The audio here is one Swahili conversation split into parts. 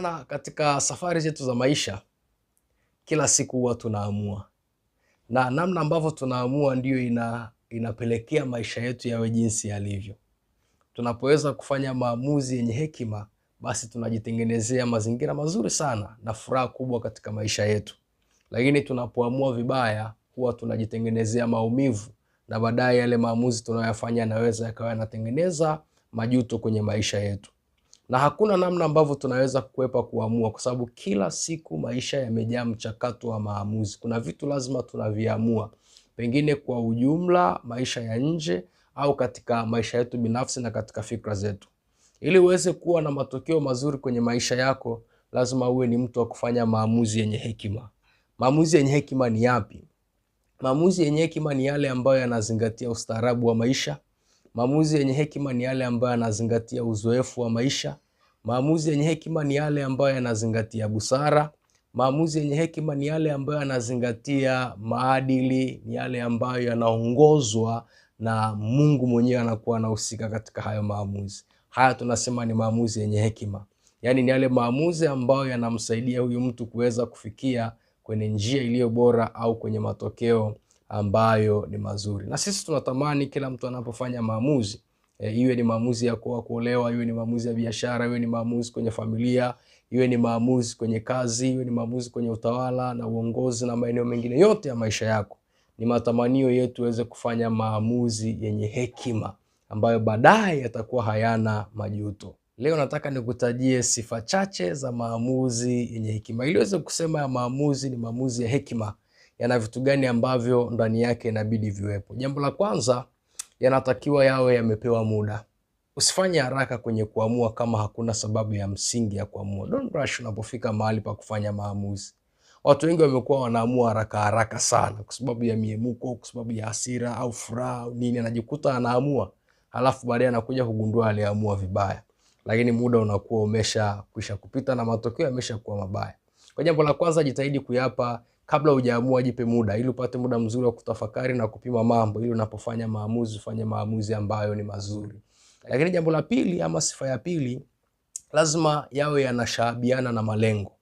maana katika safari zetu za maisha kila siku huwa tunaamua, na namna ambavyo tunaamua ndiyo ina, inapelekea maisha yetu yawe jinsi yalivyo. Tunapoweza kufanya maamuzi yenye hekima, basi tunajitengenezea mazingira mazuri sana na furaha kubwa katika maisha yetu, lakini tunapoamua vibaya, huwa tunajitengenezea maumivu na baadaye yale maamuzi tunayoyafanya yanaweza yakawa yanatengeneza majuto kwenye maisha yetu na hakuna namna ambavyo tunaweza kukwepa kuamua, kwa sababu kila siku maisha yamejaa mchakato wa maamuzi. Kuna vitu lazima tunaviamua, pengine kwa ujumla maisha ya nje au katika maisha yetu binafsi na katika fikra zetu. Ili uweze kuwa na matokeo mazuri kwenye maisha yako, lazima uwe ni mtu wa kufanya maamuzi yenye hekima. Maamuzi yenye hekima ni yapi? Maamuzi yenye hekima ni yale ambayo yanazingatia ustaarabu wa maisha Maamuzi yenye hekima ni yale ambayo yanazingatia uzoefu wa maisha. Maamuzi yenye hekima ni yale ambayo yanazingatia busara. Maamuzi yenye hekima ni yale ambayo yanazingatia maadili, ni yale ambayo yanaongozwa na Mungu mwenyewe, anakuwa anahusika katika hayo maamuzi. Haya tunasema ni maamuzi yenye hekima, yaani ni yale maamuzi ambayo yanamsaidia huyu mtu kuweza kufikia kwenye njia iliyo bora au kwenye matokeo ambayo ni mazuri, na sisi tunatamani kila mtu anapofanya maamuzi e, iwe ni maamuzi ya kuoa kuolewa, iwe ni maamuzi ya biashara, iwe ni maamuzi kwenye familia, iwe ni maamuzi kwenye kazi, iwe ni maamuzi kwenye utawala na uongozi na maeneo mengine yote ya maisha yako, ni matamanio yetu yaweze kufanya maamuzi yenye hekima ambayo baadaye yatakuwa hayana majuto. Leo nataka nikutajie sifa chache za maamuzi yenye hekima, ili uweze kusema ya maamuzi ni maamuzi ya hekima yana vitu gani ambavyo ndani yake inabidi viwepo. Jambo la kwanza, yanatakiwa yawe yamepewa muda. Usifanye haraka kwenye kuamua kama hakuna sababu ya msingi ya kuamua. Don't rush unapofika mahali pa kufanya maamuzi. Watu wengi wamekuwa wanaamua haraka haraka sana kwa sababu ya miemuko, kwa sababu ya hasira au furaha au nini, anajikuta anaamua, halafu baadaye anakuja kugundua aliamua vibaya, lakini muda unakuwa umesha kwisha kupita na matokeo yamesha kuwa mabaya. Kwa jambo la kwanza, jitahidi kuyapa kabla hujaamua, jipe muda ili upate muda mzuri wa kutafakari na kupima mambo, ili unapofanya maamuzi ufanye maamuzi ambayo ni mazuri. Lakini jambo la pili ama sifa ya pili, lazima yawe yanashabiana na malengo.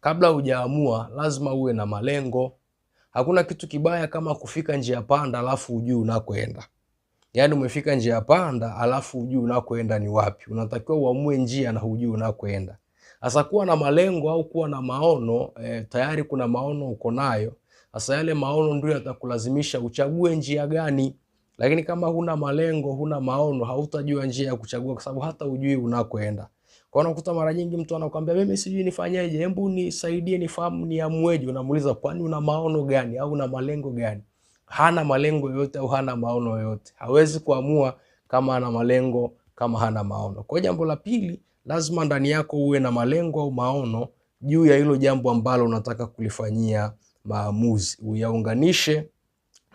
Kabla hujaamua, lazima uwe na malengo. Hakuna kitu kibaya kama kufika njia panda alafu ujui unakoenda. Yaani umefika njia panda alafu ujui unakoenda ni wapi. Unatakiwa uamue njia na hujui unakoenda. Sasa kuwa na malengo au kuwa na maono e, tayari kuna maono uko nayo. Sasa yale maono ndio yatakulazimisha uchague njia gani, lakini kama huna malengo, huna maono, hautajua njia ya kuchagua, kwa sababu hata ujui unakoenda. Kwa unakuta mara nyingi mtu anakuambia mimi sijui nifanyeje, hebu nisaidie, nifahamu niamweje. Unamuuliza, kwani una maono gani au una malengo gani? Hana malengo yoyote au hana maono yoyote. Hawezi kuamua kama ana malengo, kama hana maono. Kwa jambo la pili lazima ndani yako uwe na malengo au maono juu ya hilo jambo ambalo unataka kulifanyia maamuzi, uyaunganishe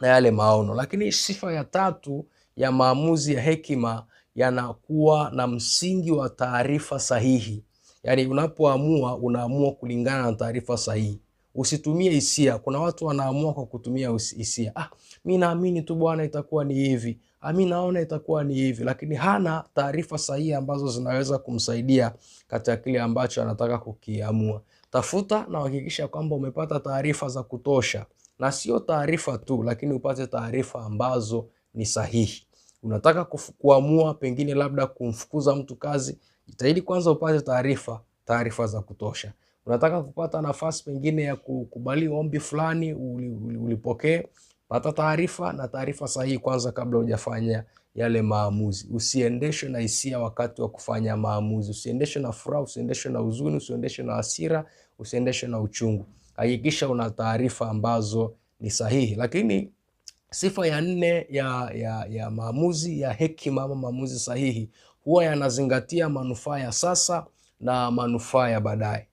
na yale maono. Lakini sifa ya tatu ya maamuzi ya hekima, yanakuwa na msingi wa taarifa sahihi. Yaani unapoamua unaamua kulingana na taarifa sahihi. Usitumie hisia. Kuna watu wanaamua kwa kutumia hisia. Ah, mi naamini tu bwana, itakuwa ni hivi. Ah, mi naona itakuwa ni hivi, lakini hana taarifa sahihi ambazo zinaweza kumsaidia katika kile ambacho anataka kukiamua. Tafuta na uhakikisha kwamba umepata taarifa za kutosha, na sio taarifa tu, lakini upate taarifa ambazo ni sahihi. Unataka kuamua pengine labda kumfukuza mtu kazi, jitahidi kwanza upate taarifa, taarifa za kutosha unataka kupata nafasi pengine ya kukubali ombi fulani, ulipokee, pata taarifa na taarifa sahihi kwanza kabla hujafanya yale maamuzi. Usiendeshwe na hisia wakati wa kufanya maamuzi, usiendeshwe na furaha, usiendeshwe na huzuni, usiendeshwe na hasira, usiendeshwe na uchungu. Hakikisha una taarifa ambazo ni sahihi. Lakini sifa ya nne ya, ya, ya maamuzi ya hekima ama maamuzi sahihi, huwa yanazingatia manufaa ya sasa na manufaa ya baadaye.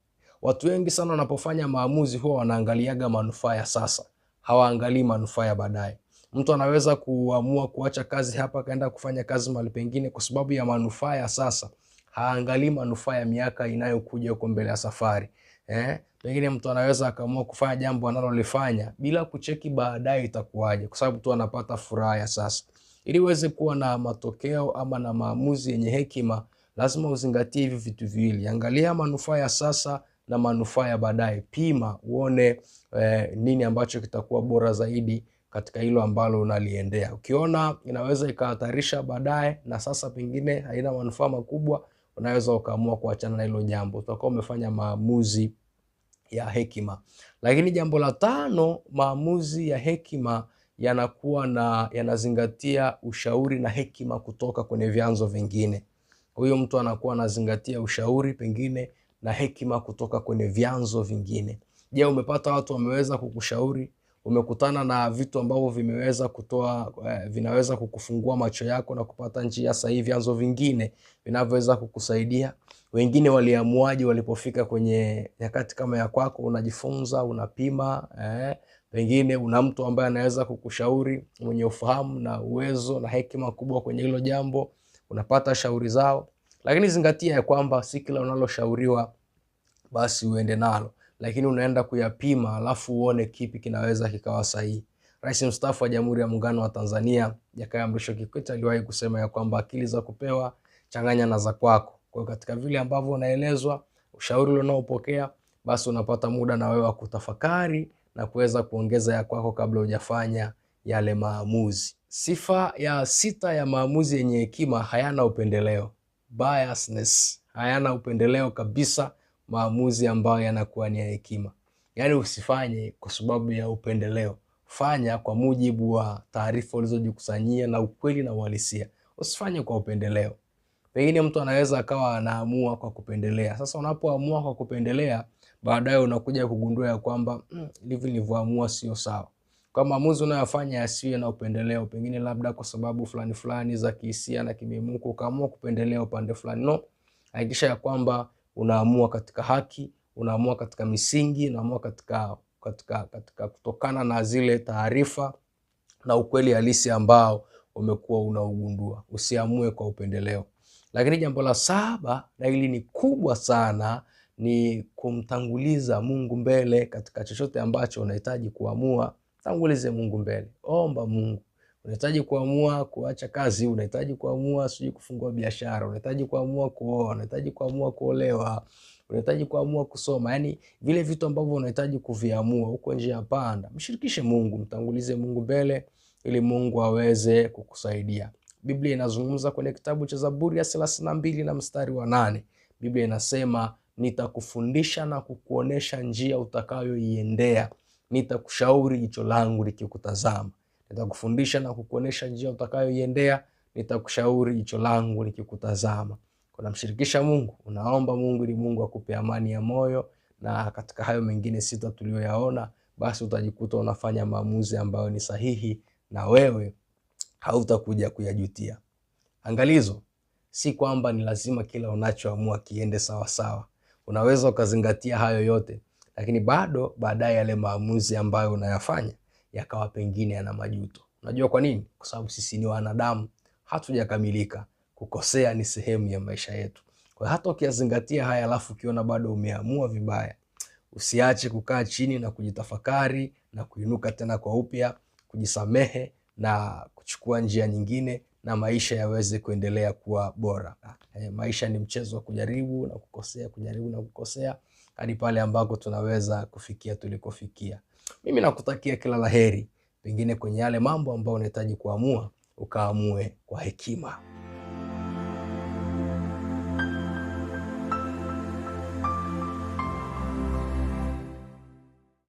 Watu wengi sana wanapofanya maamuzi huwa wanaangaliaga manufaa ya sasa, hawaangalii manufaa ya baadaye. Mtu anaweza kuamua kuacha kazi hapa akaenda kufanya kazi mahali pengine kwa sababu ya manufaa ya sasa, haangalii manufaa ya miaka inayokuja huko mbele ya safari eh? Pengine mtu anaweza akaamua kufanya jambo analolifanya bila kucheki baadaye itakuwaje, kwa sababu tu anapata furaha ya sasa. Ili uweze kuwa na matokeo ama na maamuzi yenye hekima, lazima uzingatie hivi vitu viwili: angalia manufaa ya sasa na manufaa ya baadaye. Pima uone eh, nini ambacho kitakuwa bora zaidi katika hilo ambalo unaliendea. Ukiona inaweza ikahatarisha baadaye na sasa pengine haina manufaa makubwa, unaweza ukaamua kuachana na hilo jambo, utakuwa umefanya maamuzi ya hekima. Lakini jambo la tano, maamuzi ya hekima yanakuwa na yanazingatia ushauri na hekima kutoka kwenye vyanzo vingine. Huyo mtu anakuwa anazingatia ushauri pengine na hekima kutoka kwenye vyanzo vingine. Je, umepata watu wameweza kukushauri? Umekutana na vitu ambavyo vimeweza kutoa eh, vinaweza kukufungua macho yako na kupata njia sahihi, vyanzo vingine vinavyoweza kukusaidia. Wengine waliamuaje walipofika kwenye nyakati kama ya kwako? Unajifunza, unapima eh, pengine una mtu ambaye anaweza kukushauri mwenye ufahamu na uwezo na hekima kubwa kwenye hilo jambo, unapata shauri zao. Lakini zingatia ya kwamba si kila unaloshauriwa basi uende nalo, lakini unaenda kuyapima, alafu uone kipi kinaweza kikawa sahihi. Rais mstaafu wa Jamhuri ya Muungano wa Tanzania Jakaya Mrisho Kikwete aliwahi kusema ya kwamba akili za kupewa changanya na za kwako. Kwa hiyo katika vile ambavyo unaelezwa, ushauri unaopokea, basi unapata muda na wewe wa kutafakari na kuweza kuongeza ya kwako kabla hujafanya yale maamuzi. Sifa ya sita ya maamuzi yenye hekima, hayana upendeleo biasness, hayana upendeleo kabisa, maamuzi ambayo yanakuwa ni ya hekima. Yaani usifanye kwa sababu ya upendeleo, fanya kwa mujibu wa taarifa ulizojikusanyia na ukweli na uhalisia. Usifanye kwa upendeleo. Pengine mtu anaweza akawa anaamua kwa kupendelea. Sasa unapoamua kwa kupendelea, baadaye unakuja kugundua ya kwamba mm, livyoamua nilivyoamua sio sawa kwa maamuzi unayofanya yasiwe na upendeleo, pengine labda kwa sababu fulani fulani za kihisia na kimimuko ukaamua kupendelea upande fulani. No, hakikisha ya kwamba unaamua katika haki, unaamua katika misingi, unaamua katika, katika, katika kutokana na zile taarifa na ukweli halisi ambao umekuwa unaugundua. Usiamue kwa upendeleo. Lakini jambo la saba, na hili ni kubwa sana, ni kumtanguliza Mungu mbele katika chochote ambacho unahitaji kuamua. Tangulize Mungu mbele, omba Mungu. Unahitaji kuamua kuacha kazi, unahitaji kuamua sijui kufungua biashara, unahitaji kuamua kuoa, unahitaji kuamua kuolewa, unahitaji kuamua kusoma. Yaani vile vitu ambavyo unahitaji kuviamua huko nje ya panda, mshirikishe Mungu, mtangulize Mungu mbele ili Mungu aweze kukusaidia. Biblia inazungumza kwenye kitabu cha Zaburi ya thelathini na mbili na mstari wa nane. Biblia inasema nitakufundisha na kukuonesha njia utakayoiendea nitakushauri jicho langu likikutazama, nitakufundisha na kukuonesha njia utakayoiendea, nitakushauri jicho langu likikutazama. Unamshirikisha Mungu, unaomba Mungu ili Mungu akupe amani ya moyo, na katika hayo mengine sita tuliyoyaona, basi utajikuta unafanya maamuzi ambayo ni sahihi na wewe hautakuja kuyajutia. Angalizo, si kwamba ni lazima kila unachoamua kiende sawasawa. Unaweza ukazingatia hayo yote lakini bado baadaye yale maamuzi ambayo unayafanya yakawa pengine yana majuto. Unajua kwa nini? Kwa sababu sisi ni wanadamu, hatujakamilika. Kukosea ni sehemu ya maisha yetu. Kwa hata ukiyazingatia haya alafu ukiona bado umeamua vibaya, usiache kukaa chini na kujitafakari na kuinuka tena kwa upya, kujisamehe na kuchukua njia nyingine, na maisha yaweze kuendelea kuwa bora. Eh, maisha ni mchezo wa kujaribu na kukosea, kujaribu na kukosea hadi pale ambako tunaweza kufikia tulikofikia. Mimi nakutakia kila la heri, pengine kwenye yale mambo ambayo unahitaji kuamua, ukaamue kwa hekima.